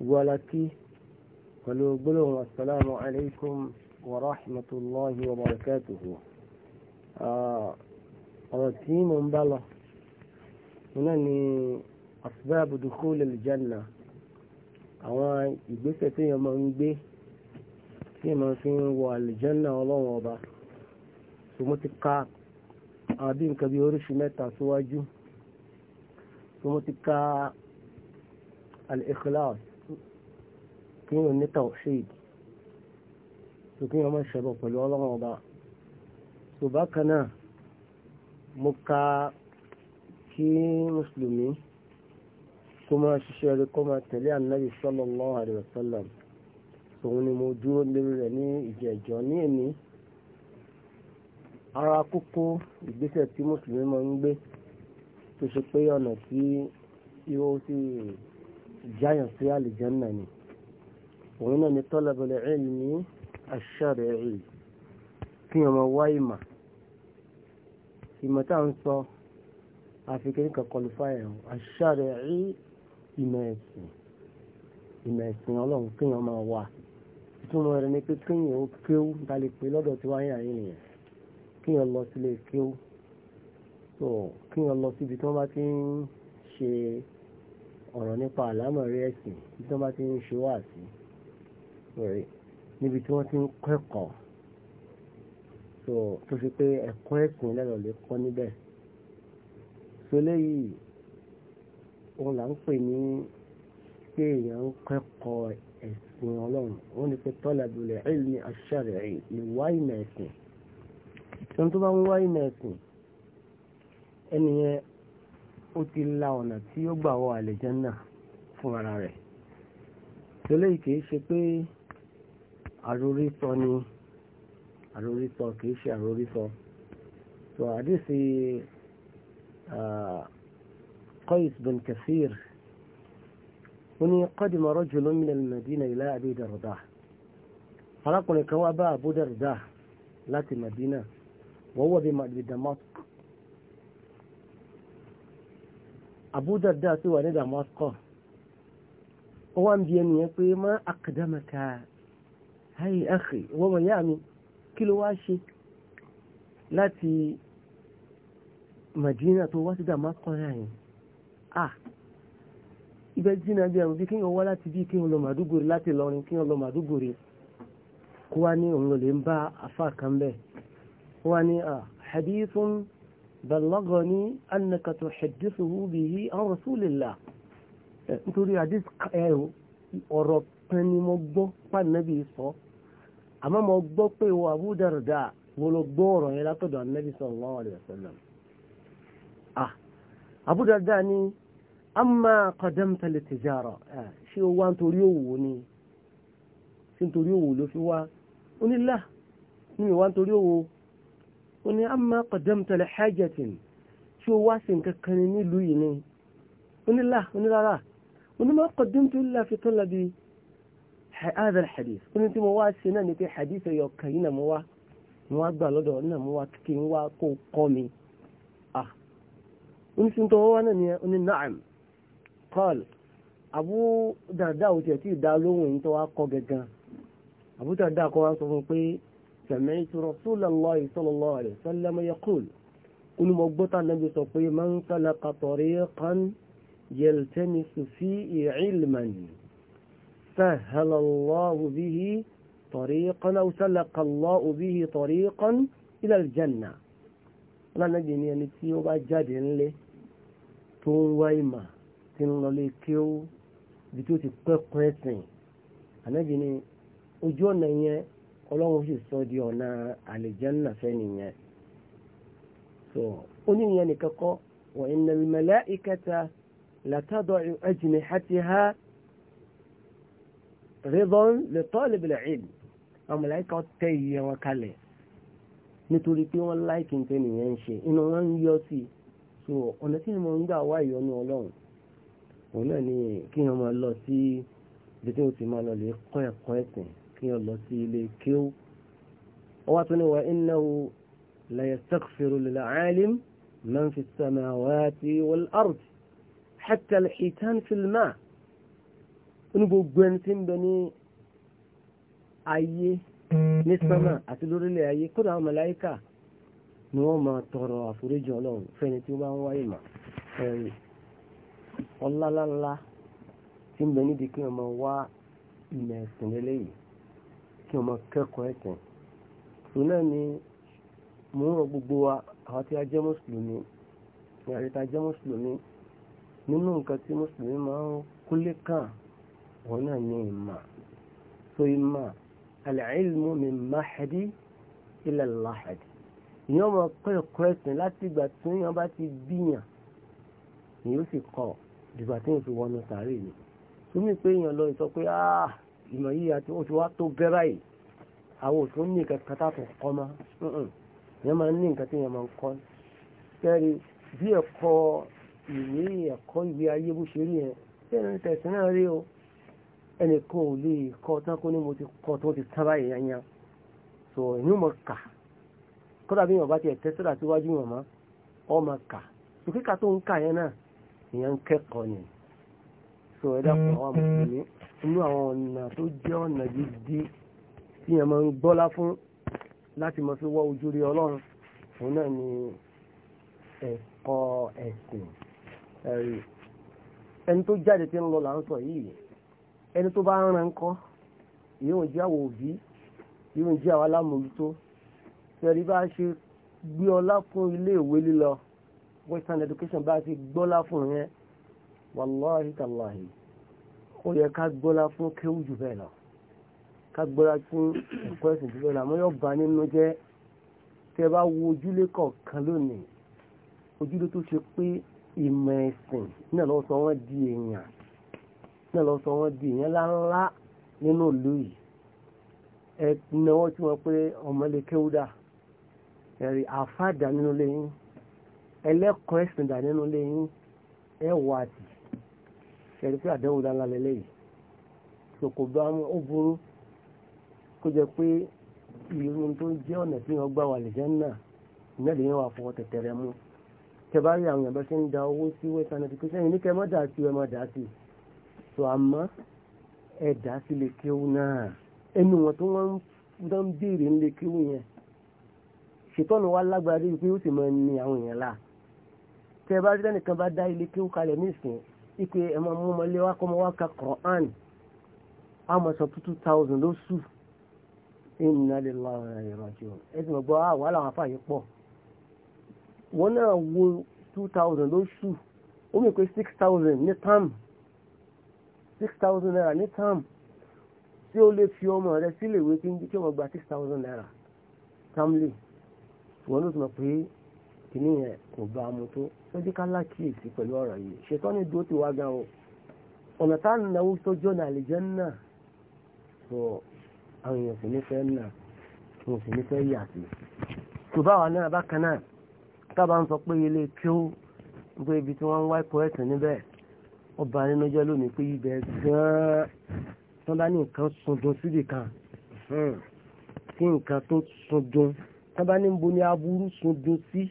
wàlákì pẹ̀lú gbólóhùn asalaamu alaykum wa rahmatulahi wa barakatuhu. ọ̀rọ̀ tí mo ń bá lọ iná ni asbáàbù dukhul aljanna àwọn ìgbésẹ̀ tí èèyàn máa ń gbé tí èèyàn máa fi ń wọ aljanna ọlọ́run ọba ṣùgbọ́n ti ka àbí nǹkan bí oríṣi mẹ́ta síwájú ṣùgbọ́n ti ka al-ikhlas kí wọ́n ní tawhid tó kí wọ́n máa ṣẹbọ pẹ̀lú ọlọ́run ọba tó bákan náà mo ka kí mùsùlùmí kó máa ṣiṣẹ́ rẹ̀ kó máa tẹ̀lé ànábì sallallahu alaihi wasallam tòun ni mo dúró lórí rẹ̀ ní ìjẹ̀jọ́ ní èmi ara kókó ìgbésẹ̀ tí mùsùlùmí máa ń gbé tó ṣe pé ọ̀nà tí yóò sì jáyàn sí àlìjànnà ni òun náà ni tọ́lábẹ̀lẹ̀ ilmi ash-shar'i kí ọmọ wá ìmà ìmọ̀ tá ń sọ àfikẹ́ níkà qualify ẹ̀hùn ash-shar'i ìmọ̀ ẹ̀sìn ìmọ̀ ẹ̀sìn ọlọ́run kí ọmọ wá ìtumọ̀ rẹ̀ ni pé kí ó kéwú dalẹ̀ pé lọ́dọ̀ tí wáyé àyè nìyẹn kí ọ lọ sílé kéwú tó kí ọ lọ síbi tí wọ́n bá ti ń ṣe ọ̀rọ̀ nípa àlámọ̀ rẹ̀ ẹ̀sìn tí wọ́n bá ti ń ṣe wáàsí níbi tí wọ́n ti ń kẹ́kọ̀ọ́ so tó fi pé ẹ̀kọ́ ẹ̀sìn lẹ́rọ̀ lè kọ́ níbẹ̀ so léyìí wọn là ń pè ní pé èèyàn ń kẹ́kọ̀ọ́ ẹ̀sìn ọlọ́run wọ́n ní pé tọ́lá ìbílẹ̀ ilmi ash-shar'i ìwá ìmọ̀ ẹ̀sìn tí tó bá ń wá ìmọ̀ ẹ̀sìn ẹni yẹn ó ti la ọ̀nà tí ó gbà wọ àlùjánnà fún ara rẹ̀ so léyìí kìí ṣe pé àròrísọ ni àròrísọ kìí ṣe àròrísọ so àdìsí uh, Qais bin Kathir ó ní qadima rajulun min al-Madina ila Abi Darda arákùnrin kan wá bá Abu Darda láti Madina wọ́n wọ́ bí Damascus Abu Darda sí wà ní Damascus ó wá ń bi ẹni pé má aqdamaka hayi akhi wọ́n mọ̀ yá mi kí ló wá ṣe láti Madina tó wá sí Damascus yẹn ah ibẹ̀ jìnnà bí àwọn bí kí wọ́n wá láti bí kí wọ́n lọ Màdúgùrí láti lọrin kí wọ́n lọ Màdúgùrí kó wá ní òun lè ń bá afá kan bẹ́ẹ̀ kó wá ní ah, hadithun balaghani annaka tuhaddithuhu bihi an rasulillah eh, nítorí hadith eh, ọ̀rọ̀ kan mo gbọ́ pàdánù bí sọ àmọ́ mo gbọ́ pé ìwọ Abu Darda mo lọ gbọ́ ọ̀rọ̀ yẹn látọ̀dọ̀ anabi sallallahu alayhi wa sallam ah Abu Darda ni amma qadamta litijara ah, ṣé o wá nítorí òwò ni ṣé nítorí òwò ló fi wá ó ní là ní ìwá nítorí òwò ó ní amma qadamta li hajatin tí wá sí nǹkan kan nílùú yìí ni onílà onílára onímọ̀ kọ̀dún tó láfi tó lábi هذا الحديث قلت مواسي نانك حديث يوكينا موا موا قالوا لنا موا كين وا قومي اه قلت انت هو انا نعم قال أبو درداء تأتي دالون انت واقو جدا أبو درداء قوان صفن سمعت رسول الله صلى الله عليه وسلم يقول كل مقبطة النبي صلى الله من سلق طريقا يلتمس فيه علما سهل الله به طريقا أو سلق الله به طريقا إلى الجنة لا نجي ني تي او با جادي نلé tó wá ìmà tí ń lọlé kí ó bí tí ó ti pẹ́kọ́ ẹ̀sìn ànábì ni ojú ọ̀nà yẹn ọlọ́run sì sọ di ọ̀nà àlìjánà fẹ́ni yẹn so ó ní ìyẹn nìkan kọ́ wa innal malaikata latada'u ajnihataha rẹ́bọ̀n lè tọ́ lẹ́bẹ̀lẹ̀ ìlú àwọn mọ̀láìkà tẹ iye wọn kalẹ̀ nítorí pé wọ́n láìkì tẹ nìyẹn ń ṣe inú wọn ń yọ sí so ọ̀nà tí mo ń gbà wá ìyọnu ọlọ́run òun náà ni kí wọ́n máa lọ sí ibi tí wọ́n ti máa lọ lè kọ́ ẹ̀kọ́ ẹ̀sìn kí wọ́n lọ sí ilé kéwú ọwọ́ tó ní wà innahu la yastaghfiru lil alim man fi samawati wal ard ní gbogbo ẹni tí ń bẹ ní ayé ní sánmà àti lórílẹ̀ ayé kódà àwọn màláíkà ni wọ́n máa tọrọ àforíjì ọlọ́run fẹ́ni tí ó bá ń wá ìmọ̀ ẹ̀rì ọlálálá tí ń bẹ níbi kí wọ́n máa wá ìmọ̀ ẹ̀sìn lélẹ́yìí kí wọ́n máa kẹ́kọ̀ọ́ ẹ̀sìn òun náà ni mo ń rọ gbogbo wa àwọn tí a jẹ́ mùsùlùmí ní àríta jẹ́ mùsùlùmí nínú nǹkan tí mùsùlùmí máa ń kúlé kàn òun náà ní ìmọ̀ so ìmọ̀ al-ilmu min mahdi ila al-lahdi ìyẹn ọmọ kẹ́kọ̀ọ́ ẹ̀sìn láti ìgbà tí wọ́n bá ti bíyàn ni yóò sì kọ́ ìgbà tí wọ́n fi wọnú sàárè ni túmí pé èèyàn lọ sọ pé ah, ìmọ̀ yìí àti ó ti wá tó bẹ́rà yìí àwọn òtún ní nǹkan kan tààtò kọ́ mọ́ ìyẹn máa ń ní nǹkan tí èèyàn máa ń kọ́ kẹ́rì bí ẹ̀kọ́ ìwé ẹ̀kọ́ ìwé ayé bó ṣe rí yẹn tẹ̀sán náà rí o ẹnìkan ò lè kọ́ tán kó ní mo ti kọ́ tó ti tán báyìí yanyan so èmi ò mọ̀ kà kódà bí wọn bá ti ẹ̀tẹ́ sọ́dà síwájú wọn mọ́ ọ mọ̀ kà so kíkà tó ń kà yẹn náà ìyẹn ń kẹ́kọ̀ọ́ ni so ẹ dàpọ̀ àwọn mùsùlùmí inú àwọn ọ̀nà tó jẹ́ ọ̀nà gidi tí yẹn máa ń gbọ́lá fún láti mọ̀ fi wọ́ ojú rí ọlọ́run òun náà ni ẹ̀kọ́ ẹ̀sìn ẹ̀rí ẹni tó jáde tí ń lọ là ń sọ yìí ẹni tó bá rán ńkọ́ ìyóhùn jẹ́ àwọn òbí ìyóhùn jẹ́ àwọn alámòójútó tẹ̀rí bá ṣe gbé ọlá fún ilé ìwé lílọ western education bá ti gbọ́lá fún yẹn wàláhì tàláhì ó yẹ ká gbọ́lá fún kéwù jù bẹ́ẹ̀ lọ ká gbọ́lá fún ẹ̀kọ́ ẹ̀sìn jù bẹ́ẹ̀ lọ àmọ́ yóò bá nínú jẹ́ tẹ bá wo ojúlé kọ̀ọ̀kan lónìí ojúlé tó ṣe pé ìmọ̀ ẹ̀sìn náà lọ́sọ̀ wọ́n di èèyàn náà lọ sọ wọn di ìyẹn ńláńlá nínú ìlú yìí ẹ náwó tí wọn pé ọmọlé kéwúdà ẹ̀rí àfáàdà nínú ilé yín ẹlẹ́kọ̀ọ́ ẹ̀sìn dà nínú ilé yín ẹ wà tì ẹ̀rí pé àdéhùn dáńlá lẹ́lẹ́ yìí sòkò bá ó burú kó jẹ pé irun tó jẹ́ ọ̀nà tí wọ́n gbà wà lè jẹ́ náà ìmẹ́lẹ̀ yẹn wà fọwọ́ tẹ̀tẹ̀rẹ̀ mú tẹ àwọn ìyàbọ̀ ń da owó sí western education yìí ní kẹ́ mọ́ dà sí ẹ mọ́ dà sí i so àmọ́ ẹ̀dá sí lè kéwú náà ẹnu wọn tó wọ́n ń béèrè ń lè kéwú yẹn ṣètọ́nù wa lágbára débi pé ó sì máa ń ní àwọn èèyàn là tẹ́ ẹ bá rí ẹnìkan bá dá ilé kéwú kalẹ̀ nísìnyí ipe ẹ máa mú ọmọlé wa kọ́ ọmọ wa ka Quran a máa sọ two thousand lóṣù inna lillahi wa inna ilayhi raji'un ẹ sì mọ̀ gbọ́ ah, wàhálà àwọn afáàyè pọ̀ wọ́n náà wo two thousand lóṣù ó mì pé six thousand ní táàmù six thousand naira ní term tí ó lè fi ọmọ rẹ sílé ìwé kí n kí ọmọ gba six thousand naira tamley wọn ló sọ pé kìíní yẹn kò bá a mú tó sọjí kálá kíyèsí pẹ̀lú ọ̀rọ̀ yìí ṣètò ní dúró ti wá gan o ọ̀nà tá à ń náwó sójú ọ̀nà àlìjánnà sọ àwọn èèyàn sì ní fẹ́ nà wọn sì ní fẹ́ yà sí ṣùgbọ́n àwọn náà bákan náà tábà ń sọ pé ilé kí ó ń pé ibi tí wọ́n ń wá ipò ẹ̀sìn níbẹ̀ ọba nínú jẹ́ lónìí pé ibẹ̀ gan-an tán bá ní nǹkan sundun síbì kan sí hmm, nǹkan tó sundun tán bá ní bo ní aburú sundun sí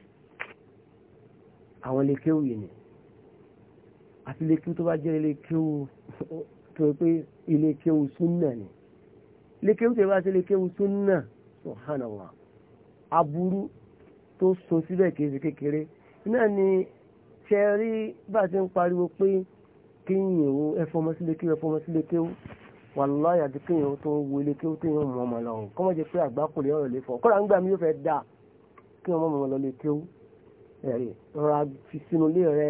àwọn ilé kéwù yìí ni àti ilé kéwù tó bá jẹ́ ilé kéwù tó pé ilé kéwù súnà ni ilé tó bá jẹ́ ilé súnà subhanallah aburú tó sun síbẹ̀ kékeré náà ni ṣe bá ti ń pariwo pé kéèyàn ó ẹfọmọ sílé kéwò ẹfọmọ sílé kéwò wàláhì àti kéèyàn ó tó ń wo ilé kéwò téèyàn mọ ọmọ lọ kọ́mọ jẹ pé àgbákùnrin ọ̀rọ̀ lè fọ kọ́ra ń gbà mí yóò fẹ́ dà kéèyàn mọ ọmọ lọ lè kéwò ẹ̀rì rọra fi sínú ilé rẹ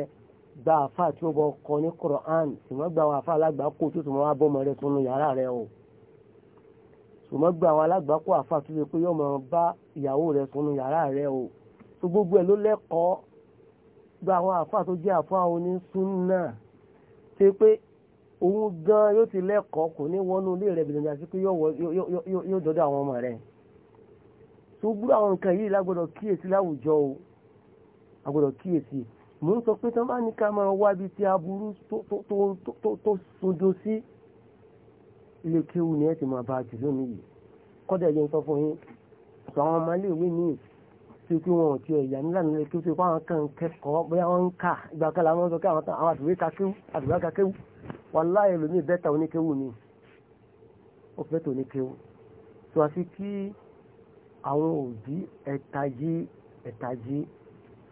gba àfa tí ó bọ kọ ní Quran ṣùgbọ́n gba àwọn àfa alágbàákò tó tún wá bọ́mọ rẹ sínú yàrá rẹ o ṣùgbọ́n gba àwọn alágbàákò àfa tó yẹ pé yóò mọ bá ìyàwó rẹ sínú yàrá rẹ o tó gbogbo ẹ ló lẹ́kọ̀ọ́ gba àwọn àfa tó jẹ́ àfa onísúnnà ṣe pé òun gan yóò ti lẹ́kọ̀ọ́ kò ní wọnú ilé rẹ̀ bìnnìyàn àti pé yóò dọ́dọ̀ àwọn ọmọ rẹ̀ tó àwọn nǹkan yìí lágbọ́dọ̀ kíyèsí láwùjọ o agbọ́dọ̀ kíyèsí mò ń sọ pé tán bá ní ká máa wá ibi tí aburú tó sojo sí ilé kéwu ni ẹ ti máa bá jù lónìí yìí kọ́dà yẹn sọ fún yín sọ àwọn ọmọ iléèwé ní ìsìn tí pé wọn ò tiẹ̀ yà nílà nílẹ̀ kí ó ti kó àwọn kan kẹ́kọ̀ọ́ bóyá wọ́n ń kà ìgbà kan làwọn sọ pé àwọn àdùwé kakéwù àdùwé kakéwù wàláhì ẹlòmíì bẹ́tà oníkéwù ni ó bẹ́tà oníkéwù tó a sì kí àwọn òbí ẹ̀tají ẹ̀tají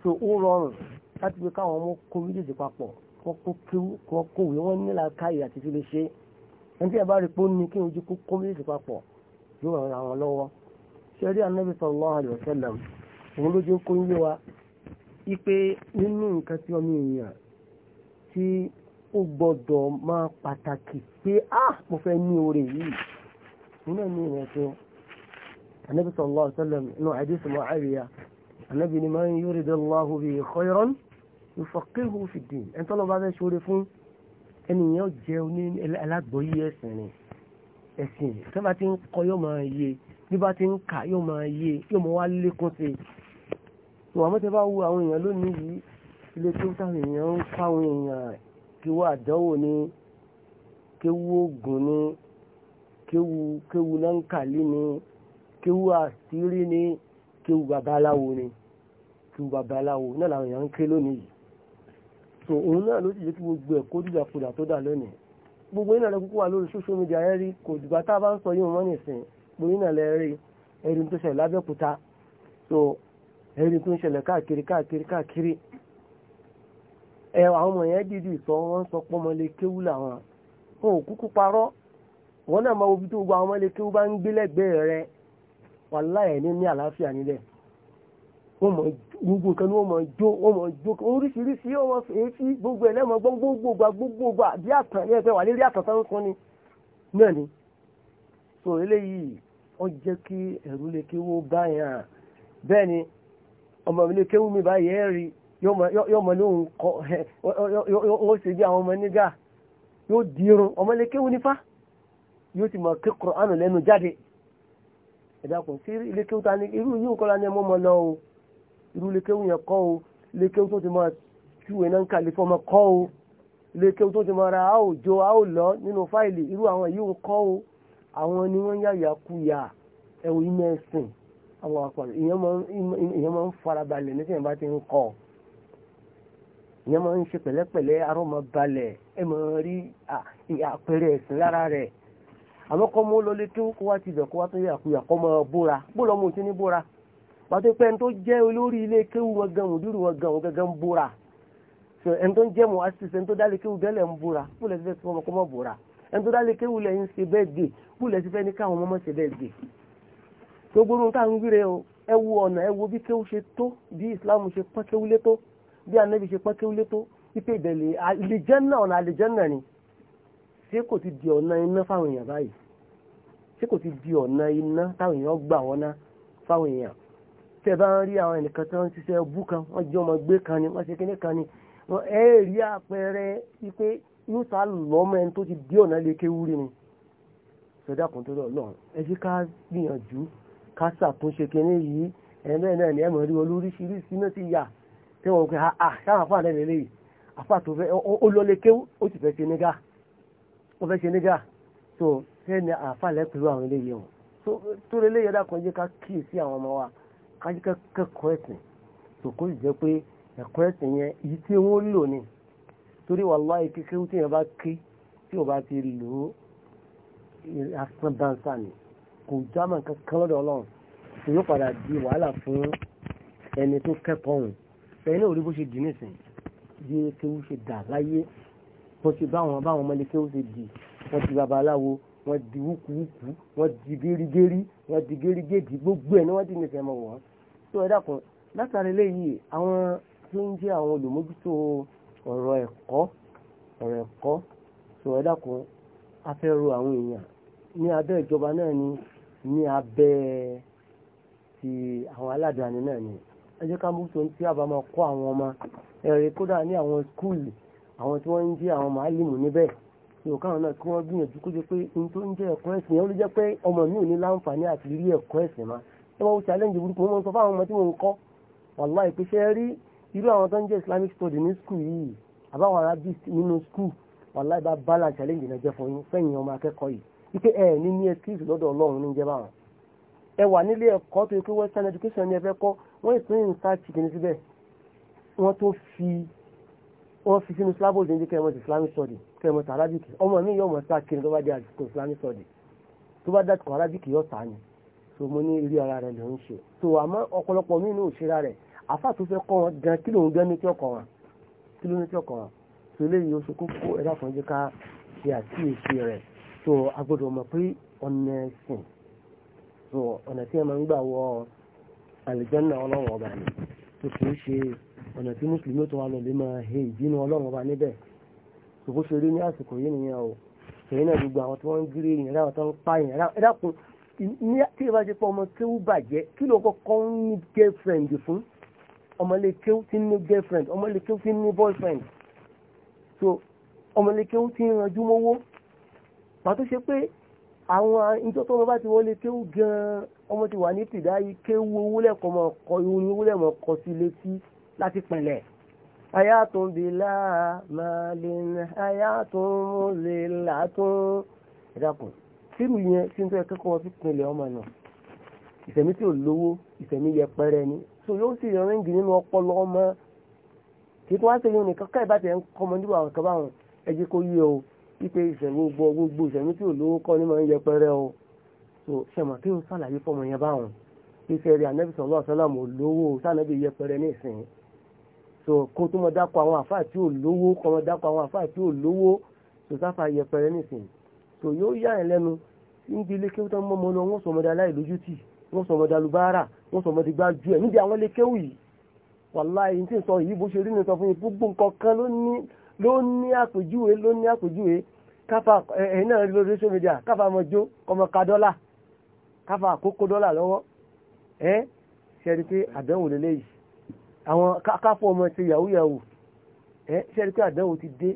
tó ó rọrùn láti pé káwọn ọmọ kó méjèèjì papọ̀ kó kó kéwù kó kówé wọn nílà káyè àti fi lè ṣe ẹni tí ẹ bá rí òun lójú kó ń yé wa ipe nínú nǹkan tí ọmọ èèyàn tí ó gbọ́dọ̀ máa pàtàkì pé ah mo fẹ́ ní oore yìí nínú ẹ̀mí rẹ̀ tó anabi sallallahu alaihi wasallam inú hadith Mu'awiya anabi ni man yuridillahu bihi khayran yufaqqihhu fid-din ẹni tọ́lọ́ bá fẹ́ ṣoore fún ẹnìyàn jẹ́ oní alágbọ̀yé ẹ̀sìn rẹ̀ ẹ̀sìn tí wọ́n bá ti ń kọ́ yóò máa yé bí bá ti ń kà yóò máa yé yóò máa wá lékún sí i tó àmọ́ tẹ bá wo àwọn èèyàn lónìí yìí ilé tó táwọn èèyàn ń káwọn èèyàn kéwú àdánwò ni kéwú oògùn ni kéwú kéwú nánkàlí ni kéwú àṣírí ni kéwú babaláwo ni kéwú babaláwo náà làwọn èèyàn ń ké lónìí yìí so òun náà ló sì jẹ́ kí gbogbo ẹ̀kọ́ dìdàkudà tó dà lónìí gbogbo iná lẹ kúkú wà lórí social media ẹ rí kò dùgbà tá a bá ń sọ yóò mọ́ nìsín gbogbo iná lẹ rí ẹ̀rí tó ṣẹlẹ̀ lábẹ́òkúta so ẹ̀rí tó ń ṣẹlẹ̀ káàkiri káàkiri káàkiri ẹ àwọn ọmọ yẹn dídì sọ wọn sọ pé ọmọlé kéwú làwọn wọn ò kúkú parọ́ wọn náà máa wo ibi tó gba ọmọlé kéwú bá ń gbé lẹ́gbẹ̀ẹ́ rẹ wàláhì ní ní àlàáfíà nílẹ̀ gbogbo nǹkan ni wọ́n máa jó wọ́n máa jó oríṣiríṣi wọ́n máa fèé sí gbogbo ẹ̀ lẹ́mọ̀ gbọ́n gbogbo gbà gbogbo gbà bí àtàn ní ẹgbẹ́ wà lérí àtàn sáwọn kan ni náà ni so eléyìí ó jẹ́ kí ẹ̀rú lè kí wọ́n bá yàn bẹ́ẹ̀ ni ọmọ ilé kéwú mi báyìí ẹ̀ rí yóò mọ lóhùn kọ wọ́n ṣe bí àwọn ọmọ nígà yóò di irun ọmọ ilé kéwú nífà yóò ti mọ̀ kí Kùránì lẹ́nu jáde ẹ̀dá kò sí ilé kéwú ta ni irú yìí kọ́ la ní ẹmọ́ mọ́ lọ o irú ilé kéwú yẹn kọ́ o ilé kéwú tó ti mọ̀ túwèé náà ń kàlẹ́ fọmọ kọ́ o ilé kéwú tó ti mọ̀ ra a ò nínú fáìlì irú àwọn yìí ń kọ́ o àwọn ni wọ́n yà yà kú yà ẹ̀wọ̀n ìmẹ̀sìn àwọn àpàdé ìyẹn máa ń farabalẹ̀ ní sẹ́yìn bá ti ń kọ́ ìyẹn máa ń ṣe pẹ̀lẹ́pẹ̀lẹ́ arọ́ máa balẹ̀ ẹ máa rí àpẹẹrẹ ẹ̀sìn lára rẹ̀ àmọ́ kọ́ mọ́ lọlé tó kó wá ti bẹ̀ kó wá tó yà kúyà kọ́ máa bóra bó lọ́mọ tí ní bóra pàtó pé ẹni tó jẹ́ olórí ilé kéwù wọn gan òdúrú wọn gan òun gẹ́gẹ́ bóra so ẹni tó ń jẹ́ mọ́ asisi ẹni tó dálé kéwù gẹ́lẹ̀ ń bóra bó lẹ́sí fẹ́ kọ́ mọ́ bóra ẹni tó dálé kéwù lẹ́yìn ṣe bẹ́ẹ̀ dè bó lẹ́sí fẹ́ ní káwọn ọmọ ṣe bẹ́ẹ̀ dè tó gbóró tá à ń wíre o ẹ wo ọ̀nà ẹ wo bí kéwú ṣe tó bí islam ṣe pọ́n kéwú lé tó bí anabi ṣe pọ́n kéwú lé tó ipe ìbẹ̀lẹ̀ àlìjẹ́nà ọ̀nà àlìjẹ́nà ni ṣé kò ti di ọ̀nà iná fáwọn èèyàn báyìí ṣé kò ti di ọ̀nà iná táwọn èèyàn gbà wọ́n ná fáwọn èèyàn tẹ́ bá ń rí àwọn ẹnìkan tí wọ́n ti ṣe bú kan wọ́n jẹ́ ọmọ gbé kan ni wọ́n ṣe kíní kan ni wọ́n ẹ rí àpẹẹrẹ wípé yóò sá lọ́mọ ẹni tó ti di ọ̀nà lè kéwúrí ni sọdá kan tó lọ lọ ẹ ṣe ká gbìyànjú kásà tó ṣe kinní yìí ẹ̀ẹ́dẹ́ ni ẹ̀mọ̀ rí olóríṣiríṣi náà ti yà tí wọ́n pe ha ah, ah, káwọn afá rẹ̀ lélẹ́yìí ó lọlé fẹ́ ṣe nígà tó sẹ́ni afá pẹ̀lú àwọn eléyìí wọn tó lé léyìí ẹ̀dá kan jẹ́ ká kíyèsí àwọn ọmọ wa ká kẹ́kọ̀ọ́ ẹ̀sìn tó kó sì jẹ́ pé ẹ̀kọ́ ẹ̀sìn yẹn èyí tí wọ́n lò ni torí wàláhì kékeré tí yẹn bá ké tí yẹn bá ti lò ó asán dáńsá ni kò jámà kankan lọ́dọ̀ ọlọ́run kò yóò padà di wàhálà fún ẹni tó kẹ́kọ̀ọ́ òun ẹ̀yin náà rí bó ṣe dì nísìn bí kéwú ṣe dà láyé bó ṣe báwọn báwọn ọmọlé kéwú ṣe dì wọ́n di babaláwo wọ́n di wúkúwúkú wọ́n di gérigéri wọ́n di gérigédi gbogbo ẹ̀ ni wọ́n di nísìn ẹ̀mọ̀ wọ́n tó ẹ dákun látàrí léyìí àwọn tó ń jẹ́ àwọn olùmójútó ọ̀rọ̀ ẹ̀kọ́ ọ̀rọ̀ ẹ̀kọ́ tó ẹ dákun afẹ́rù àwọn èèyàn ní abẹ́ ìjọba náà ni ní abẹ́ ti àwọn aládàáni náà ni ẹ jẹ́ ká mú tó ń tí a bá máa kọ́ àwọn ọmọ ẹ̀rẹ́ kódà ní àwọn skúlì àwọn tí wọ́n ń jẹ́ àwọn màálìmù níbẹ̀ yóò káwọn náà kí wọ́n gbìyànjú kó jẹ́ pé n tó ń jẹ́ ẹ̀kọ́ ẹ̀sìn yẹn ló jẹ́ pé ọmọ mi ò ní láǹfààní àti rí ẹ̀kọ́ ẹ̀sìn ma ẹ máa wo challenge burúkú mo máa ń sọ fáwọn ọmọ tí mo ń kọ́ wàlá ìpèsè rí irú àwọn tó ń jẹ́ Islamic study ní skul yìí àbáwọn Arabic nínú skul wàlá ìbá balance challenge náà jẹ́ fún yín fẹ́yìn ọmọ akẹ́kọ̀ọ́ yìí wípé ẹ ní ní excuse lọ́dọ̀ ọlọ́run ní ìjẹba àwọn ẹ wà nílé ẹ̀kọ́ tó yẹ pé western education ni ẹ fẹ́ kọ́ wọ́n ìpín ìsáàtì kìíní síbẹ̀ wọ́n tó fi wọ́n fi sínú slavos ní kẹ́ ẹ mọ̀ islamic study kẹ́ ẹ mọ̀ arabic ọmọ mi yóò mọ̀ sí akiri tó bá dé àsìkò islamic study tó bá dàtìkọ arabic yóò tà ní so mo ní eré ara rẹ̀ ló ń ṣe so àmọ́ ọ̀pọ̀lọpọ̀ mi ní òṣèré rẹ̀ àfà tó fẹ́ kọ́ wọn gan kí ló ń gbẹ́ ní tí ọkọ̀ wọn kí ló ní tí ọkọ̀ wọn so so a gbọ́dọ̀ mọ̀ pé ọ̀nà ẹ̀sìn so ọ̀nà tí a máa ń gbà wọ àlìjẹ́nà ọlọ́run ọba ni tó kì í ṣe ọ̀nà tí mùsùlùmí tó wà lọ́lẹ́ máa he ìbínú ọlọ́run ọba níbẹ̀ so bó ṣe rí ní àsìkò yìí nìyẹn o kìí náà gbogbo àwọn tí wọ́n ń gírí èèyàn láwọn tó ń pa èèyàn ẹ dákun ní tí ìbá ṣe pé ọmọ kéwú bàjẹ́ kí ló kọ́kọ́ ń ní girlfriend fún ọmọlé kéwú ti ní girlfriend ọmọlé kéwú ti ní boyfriend so ọmọlé kéwú ti ń ranjú mọ́wọ́ pàtó ṣe pé àwọn ìjọ tó wọn bá ti wọlé kéwú gan-an ọmọ ti wà ní tìdáyé kéwú owó lẹ́kọ̀ọ́ mọ̀ kọ orin owó lẹ́mọ̀ kọ sí létí láti pìnlẹ̀ ayatun bila malin ayatun mulilatun ẹ̀dàkùn sírù yẹn sí nítorí kẹ́kọ̀ọ́ wọn fi pìnlẹ̀ ọmọ náà ìsẹ̀mí tí ò lówó ìsẹ̀mí yẹpẹrẹ ni so yóò sì rẹ́ǹgì nínú ọpọlọ ọmọ kí tí wọ́n á ṣe yóò nìkan káì bá ti ẹ̀ ń kọ́ ọmọ nígbà àwọn kan báwọn ẹ jẹ́ kó yé o wípé ìṣẹ̀mú gbọ́ gbogbo ìṣẹ̀mú tí ò lówó kọ́ ní máa ń yẹpẹrẹ o so ṣẹ̀mọ̀ kí n sàlàyé fọmọ yẹn báwọn iṣẹ́ rẹ̀ ànábì sọ̀rọ̀ àṣọ́làmù olówó sànábì yẹpẹrẹ ní ìsìn so kó tó mọ dákọ̀ àwọn àfáà tí ò lówó kọ́ mọ dákọ̀ àwọn àfáà tí ò lówó so sáfà yẹpẹrẹ ní ìsìn so yóò yá ẹ̀ lẹ́nu níbi ilé kéwú tó ń mọ́mọ́ lọ wọ́n sọmọdé aláìlójútì wọ́n sọmọdé alubára wọ́n sọmọdé gbájú ẹ̀ níbi àwọn ilé kéwú yìí wàláì ní tí ń sọ yìí bó ṣe rí ní sọ fún yìí gbogbo nǹkan kan ló ní ló ní àpèjúwe ló ní àpèjúwe káfa ẹ̀yìn náà lórí social media káfa ọmọ jó ọmọ ka dọ́là káfa àkókò dọ́là lọ́wọ́ ẹ́ ṣẹ́ni pé àdánwò lélẹ́yìí àwọn káfọ́ ọmọ ti yahoo yahoo ẹ́ ṣẹ́ni pé àdánwò ti dé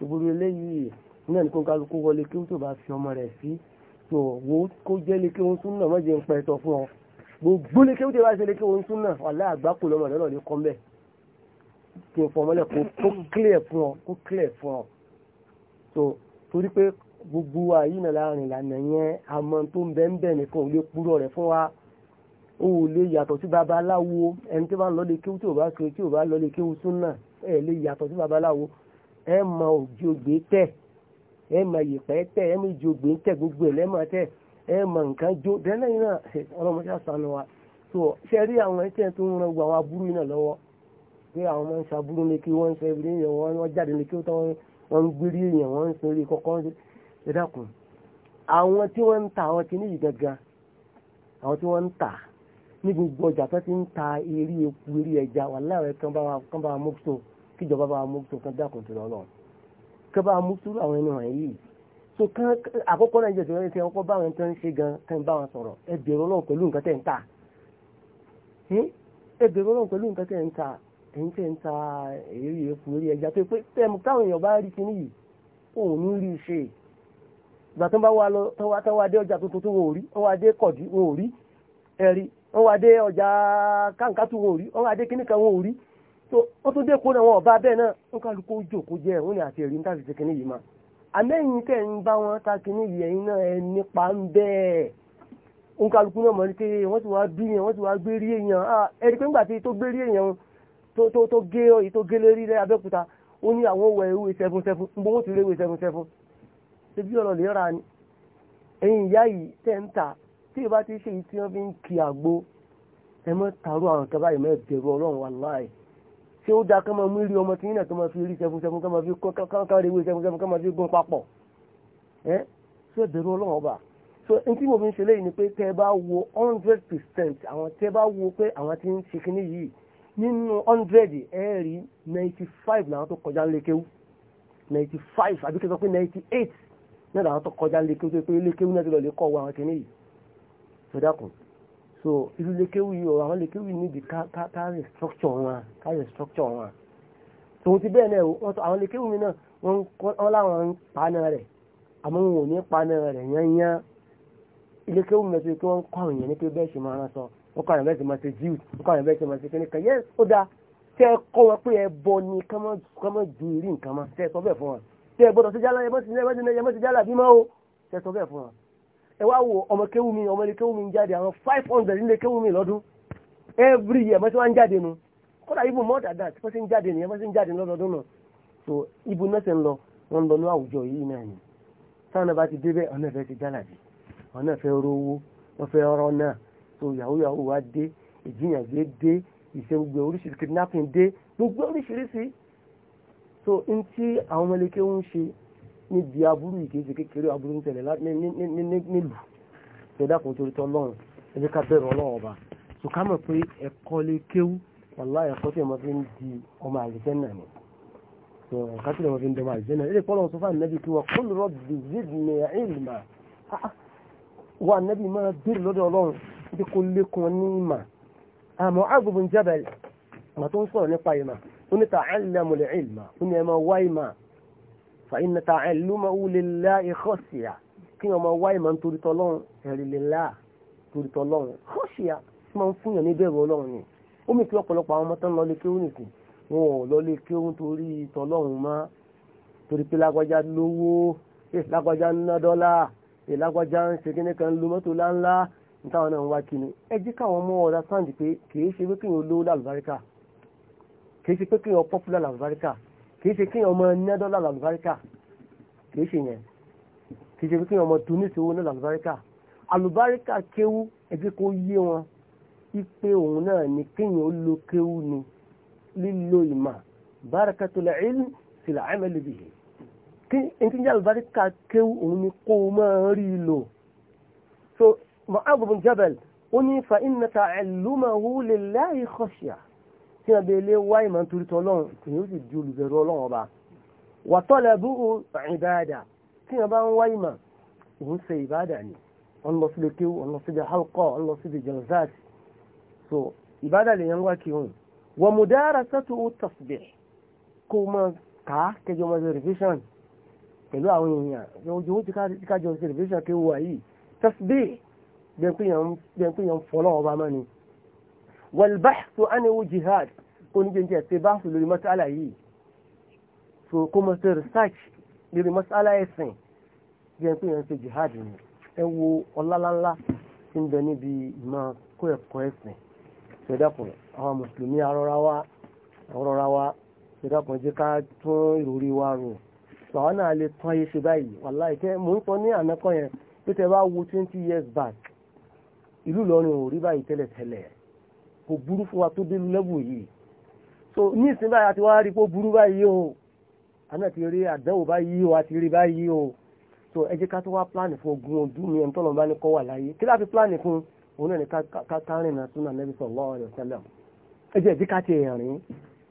ìgboro eléyìí náà ní kó kálukú wọlé kí wọ́n tó bá fi ọmọ rẹ̀ sí tó wo kó jẹ́ lé kí wọ́n tún náà mọ́jẹ́ ń pẹ́ tọ́ fún ọ gbogbo lé kí wọ́n tó bá ṣe lé kí wọ́n tún náà wàlá àgbákò lọ́mọdé náà lè kọ́ kí n fọ ọmọlẹ̀ kó clear fún ọ kó clear fún ọ so torí pé gbogbo ayé náà láàrin ìlànà yẹn àmọ́ tó ń bẹ́ ń bẹ̀ nìkan ò lè purọ́ rẹ̀ fún wa ó lè yàtọ̀ sí babaláwo ẹni tí ó bá ń lọ́lé kéwú tí ò bá ṣe tí ò bá lọ́lé kéwú súnà ẹ lè yàtọ̀ sí babaláwo ẹ mọ òjògbé tẹ̀ ẹ mọ ìyèpẹ́ tẹ̀ ẹ mọ ìjògbé tẹ̀ gbogbo ẹ̀ lẹ́mọ̀ tẹ̀ ẹ mọ nǹkan jó dẹ́lẹ́yìn náà ọlọ́mọdé àṣà ni wa so ṣe rí àwọn ẹ̀ṣẹ̀ pé àwọn ọmọ ń ṣàbúrú ní kí wọ́n ń sẹ́bi ní ìyẹn wọ́n jáde ní kí wọ́n ń gbérí èèyàn wọ́n ń sinrí kọ́kọ́ ẹ dákun àwọn tí wọ́n ń ta àwọn kìíní yìí gangan àwọn tí wọ́n ń ta ní gbogbo ọjà tó ti ń ta eré eku eré ẹja wà láàrẹ kan bá wa mọ́tò kíjọba bá wa mọ́tò kan dákun tó lọ́nà kan bá wa mọ́tò àwọn ẹni wọ̀nyí so kan àkọ́kọ́ náà jẹ́ ìṣòro ẹ̀sìn ọkọ̀ bá wọn tó ń ṣe gan kan bá wọn sọ̀rọ̀ ẹ bẹ̀rù Ọlọ́run pẹ̀lú nǹkan tẹ̀ ń ta ẹ bẹ̀rù Ọlọ́run pẹ̀lú nǹkan tẹ̀ ń ta ẹ̀yin ń ta èrè èkó rí ẹja tó pé tẹ́mu táwọn èèyàn bá rí kíní yìí òun ní rí ṣe ìgbà tó bá wà lọ tó wá ọjà tuntun tó wọn rí wọn wá kọ̀dí wọn rí ẹ̀rí wọn wá ọjà káǹká tó wọn rí wọn wá kíní kan wọn rí tó wọn tó dé kó náà wọn ọba bẹ́ẹ̀ náà wọn kà lóko jò kó jẹ́ òun ni àti ẹ̀rí níta fìdí kíní yìí mà èèyàn ẹ̀rí pé ńgbà tí tó gbérí èèyàn tó tó gé èyí tó gé lérí rẹ abẹ́kúta ó ní àwọn òwò ewé seven seven ń bọ́ wọ́n ti rí ewé seven seven ṣe bí ọ̀rọ̀ lè ra ni ẹ̀yin ìyá yìí tẹ̀ ń tà tí ìbá ti ṣe yìí tí wọ́n fi ń ki àgbo ẹ mọ́ tàrú àwọn kẹfà yìí mọ́ ẹ̀bẹ̀rù ọlọ́run wà láì ṣé ó dáa kán máa mú rí ọmọ tí yínà kán máa fi rí seven seven kán máa fi kán kán rí ewé seven seven kán máa fi gún papọ̀ ẹ ṣé ẹ̀bẹ̀rù ọlọ́run ọba so n hundred percent àwọn tẹ́ bá wo pé àwọn ti ń ṣe kinní yìí nínú hundred ẹ̀ẹ́rì ninety five làwọn tó kọjá lékéwú ninety five àbí kí n sọ pé ninety eight náà làwọn tó kọjá lékéwú tó pé lékéwú náà ti lọ lè kọ́ wa àwọn kìnìún yìí tó dákun so irú lékéwú yìí ọ̀rọ̀ àwọn lékéwú yìí níbi ká ká ká restructure wọn ká restructure wọn tòun ti bẹ́ẹ̀ náà wọ́n sọ àwọn lékéwú mi náà wọ́n láwọn ń pa náà rẹ̀ àmọ́ wọn ò ní pa náà rẹ̀ yányán lékéwú mi náà ti pé wọ́n kọ́ ó kọ́ àyànbẹ́sẹ̀ máa ṣe jíù ó kọ́ àyànbẹ́sẹ̀ máa ṣe kíní kan yẹ́ ó dáa tẹ́ ẹ kọ́ wọn pé ẹ bọ ni ká má ju ìrí nǹkan má tẹ́ ẹ sọ bẹ́ẹ̀ fún wọn tẹ́ ẹ gbọ́dọ̀ sí jálá ẹ má ti jálá bí má o tẹ́ ẹ sọ bẹ́ẹ̀ fún wọn. ẹ wá wo ọmọ kéwù mi ọmọ ilé kéwù mi ń jáde àwọn five hundred nílé kéwù mi lọ́dún every year mọ́tí wá ń jáde nu kódà ibo more than that mọ́tí ń jáde nìyẹn mọ́tí ń jáde lọ́dọọdún náà so ibo náà ń lọ wọ́n lọ ní àwùjọ yìí náà ni táwọn náà bá ti débẹ̀ ọ̀nà ìfẹ́ ti jálà bí ọ̀nà ìfẹ́ rówó wọ́n fẹ́ ọ̀rọ̀ náà so yahoo yahoo wá dé ìjìyànjẹ dé ìṣe gbogbo oríṣiríṣi kidnapping dé gbogbo oríṣiríṣi so n tí àwọn ọmọlẹ́kẹ́ ń ṣe níbi aburú ìkéṣe kékeré aburú ń tẹ̀lé nílùú ṣẹ̀dákùn torí tọ́ lọ́rùn ẹjẹ́ ká bẹ̀rù ọlọ́run ọba so ká mọ̀ pé ẹ̀kọ́ lè kéwú wàlá ẹ̀kọ́ tí ọmọ fi ń di ọmọ àlùfẹ́ náà ni so ẹ̀ka tí ọmọ fi ń di ọmọ àlùfẹ́ náà ilé pọ́lọ́ sọfà nẹ́bí kí wọ́n kó lọ́ọ́ bìí zidni ilma ah, ah. wà nẹ́bí máa bèrè lọ́dọ̀ ọlọ́run jẹ́ kó lékun ní ìmọ̀ àmọ́ àgbègbè jabal àmọ́ tó ń sọ̀rọ̀ nípa ìmọ̀ ó ní ta'allamu al-ilma ó ní ẹ̀mọ wá ìmọ̀ fa inna ta'allumahu lillahi khashiya kí wọ́n máa wá ìmọ̀ nítorí tọ́lọ́run ẹ̀rí lélá torí tọ́lọ́run khashiya tí wọ́n fún yàn níbẹ̀rù ọlọ́run ni ó mì kí ọ̀pọ̀lọpọ̀ àwọn ọmọ tó ń lọ lé kéwù nìkú wọn ò lọ lé kéwù torí tọ́lọ́run mọ́ torí pé lágbájá lówó lágbájá ń ná dọ́là lágbájá ń ṣe kíní kan lu mọ́tò láńlá nítawọn náà ń wá kíni ẹ jẹ́ káwọn ọmọ ọ̀dà sáǹdì pé kìí ṣe pé kéèyàn olówó lálùbáríkà kìí ṣe pé kéèyàn pọ́pùlà lálùbáríkà kìí ṣe kéèyàn ọmọ nẹ́dọ́là lálùbáríkà kìí ṣe yẹn kìí ṣe pé kéèyàn ọmọ tunisi owó náà lálùbáríkà àlùbáríkà kéwú ẹ kó yé wọn ipe òun náà ni kéèyàn ó lo kéwú ni lílo ìmà barakatul ilm fil amal bihi kí n ti ń so Mu'adh bin Jabal ó ní fa inna ta'allumahu lillahi khashya tí wọ́n bẹ ilé wá ìmọ̀ nítorí tọ́lọ́run kì yóò sì di olùbẹ̀rù ọlọ́run ọba wa talabuhu ibada tí wọ́n bá ń wá ìmọ̀ òun ṣe ìbáàdà ni wọ́n lọ síbi kéwù wọ́n lọ síbi halqa wọ́n lọ síbi jalzat so ìbáàdà lè yan wá kí òun wa mudarasatu tasbih kó máa kà á kẹjọ máa ṣe revision pẹ̀lú àwọn èèyàn ojú ó ti kájọ ṣe revision kéwù wáyé tasbih gbẹ̀ngbẹ̀yàn fọ́lọ́ ọba mọ́ ni wàlbáṣù ánìwò jihad kó ní jẹ́ ẹ̀sẹ̀ báṣù lórí mọ́sálà yìí so kó mọ́ sí research lórí mọ́sálà ẹ̀sìn gbẹ̀ngbẹ̀yàn ṣe jihad ni ẹ wo ọlálálá tí ń bẹ níbi ìmọ̀ kó ẹ̀kọ́ ẹ̀sìn ṣẹ̀dàpọ̀ àwọn mùsùlùmí arọ́ráwá arọ́ráwá ṣẹ̀dàpọ̀ jẹ́ ká tún ìròrí wa rò sọ̀rọ̀ náà lè tán ayé ṣe báyìí wàláì tẹ́ mò ń sọ ní ànákọ́ yẹn pé tẹ́ bá wo twenty years back ìlú Ìlọrin ò rí báyìí tẹ́lẹ̀tẹ́lẹ̀ kò burú fún wa tó dé lẹ́bù yìí so ní ìsìn báyìí àti wá rí pé ó burú báyìí o àná ti rí àdánwò báyìí o àti rí báyìí o so ẹ jẹ́ ká tó wá pílánì fún ogun ọdún mi ẹni tọ́lọ́ bá ní kọ́ wà láyé kí láti pílánì fún òun náà ní ká kárìn náà súnà Nabi sallallahu alaihi wasallam ẹ jẹ́ ìdí ká ti rìn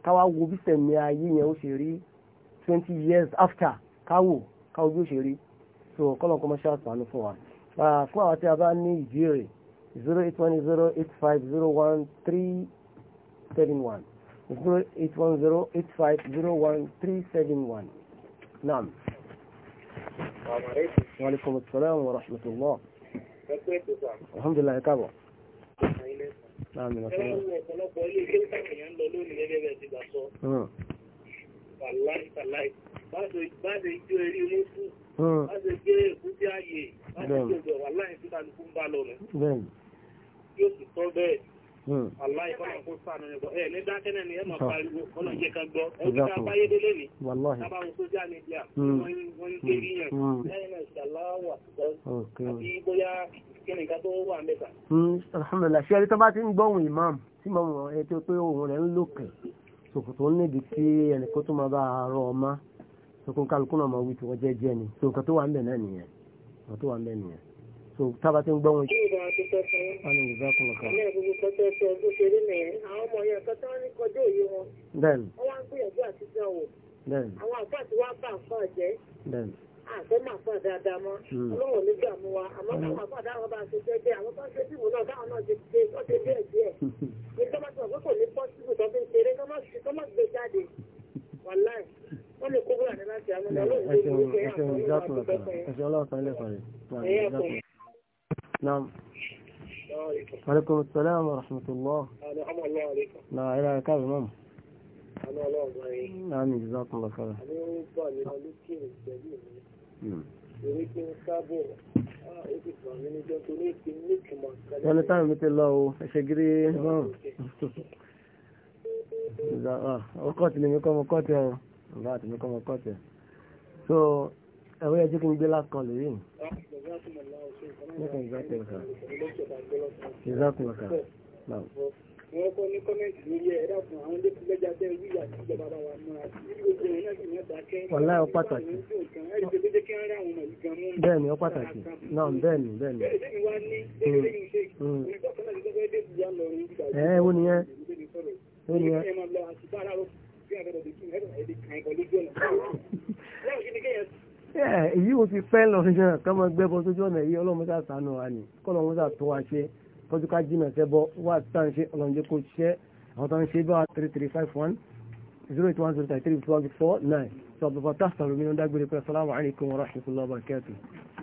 ká wá wo bí sẹ̀mí ayé yẹn ó ṣe rí twenty years after ká wò ká wo bí ó ṣe rí so kọ́lọ̀ kọ́mọ́ṣáàsì àánú fún wa ah, fún àwọn tí a bá ní ìbéèrè 0244 zero eight one zero eight five zero one three seven one zero eight one zero eight five zero one three seven one naam. waaleykum asalaam wa rahmatulah. alhamdulilah ẹ káàbọ̀. naam eré mọ́tò bá ṣe gé ààyè bá ṣe jó ọ̀gọ̀ wàláì tí kálukú yóò sì tọ́ bẹ́ẹ̀ hmm. aláì kọ́nà kó sànù ẹ̀gbọ́ ẹ̀ ní dákẹ́ náà ni ẹ̀ máa pariwo ọ̀nà jẹ́ kan gbọ́ ẹ̀ ní ká báyé délé ni tábàwọn sójà mídíà hmm. wọ́n ń ké yíyàn hmm. lẹ́yìn náà ìṣàláwà àti bóyá kíni ká tó wà mẹ́ta. alhamdulilah ṣe ẹni tó bá ti ń gbọ́hùn imam tí mo mọ̀ ẹ pé òun rẹ̀ ń lòkè sòkòtò ń níbi tí ẹnìkan tó máa bá a rọ ọmọ sòkòtò kálukú náà máa wí tí wọ́n jẹ́ jẹ́ ni sòkòtò wà ń bẹ̀ náà nìyẹn so tábà tí ń gbọ́ wọn. bí ìbá ti sọ fún wọn. wọn ni ìbá kún lọkọ. àmì àgbègbè kan tó ẹsẹ̀ ọdún ṣe rí nìyẹn àwọn ọmọ yẹn kan tó ń rí kọjá òye wọn. bẹ́ẹ̀ni. wọn wá ń gbìyànjú àti dán wò. bẹ́ẹ̀ni. àwọn àfáà ti wá bá àfáà jẹ. bẹ́ẹ̀ni. àfẹ́ máa fà dáadáa mọ́. Hmm. ọlọ́run ní gbà mú wa àmọ́ hmm. táwọn àfáà dáhùn wàláì wọ́n lè kó búra ní láti àmọ́ ọlọ́run ló ń gbé jáde. ẹ̀sìn ọlọ́run kan lẹ́kọ̀ọ́ rẹ̀. نعم وعليكم السلام ورحمة الله أنا عمر الله عليكم لا إلى كافي ماما أنا الله غير نعم جزاكم الله خير أنا أقول أنا لكن الجديد ولكن صابر wọ́n táwọn mi ti lọ o ẹ̀ṣẹ̀ gírí náà ọkọ̀tì ni mi kọ́ mọ kọ́tì so ẹ̀wọ́ ẹ̀jẹ̀ kí n gbé lákan lè lẹ́kùn ìgbàkùn ọ̀sán ìgbàkùn ọ̀sán náà. wọ́n kọ́ ní kọ́mẹ́ntì lórí ẹ̀ dákun àwọn lẹ́kùn lẹ́jà tẹ́ wí àti ìjọba bá wa mọ́ra sí gbogbo ẹ̀ náà sì ní ọ̀dákẹ́. bẹ́ẹ̀ni ọ pàtàkì náà bẹ́ẹ̀ni bẹ́ẹ̀ni. ẹ̀ẹ́ wo ni yẹn wo ni yẹn èyí ò ti pẹ́ lọ náà ká máa gbẹ́bọ sójú ọ̀nà yìí ọlọ́run sá sànù wa ni kọ́lọ́ wọn sá tó wa ṣe tọ́jú ká jìnà sẹ́bọ wá tá ń ṣe ọlọ́run jẹ́ kó ṣẹ́ àwọn tó ń ṣe bá three three five one zero eight one zero three three two one four nine sọ àbúrò tá sàrò mi ní ọ̀dàgbére pẹ̀lú assalamu alaikum wa rahmatullahi wa barakatuh.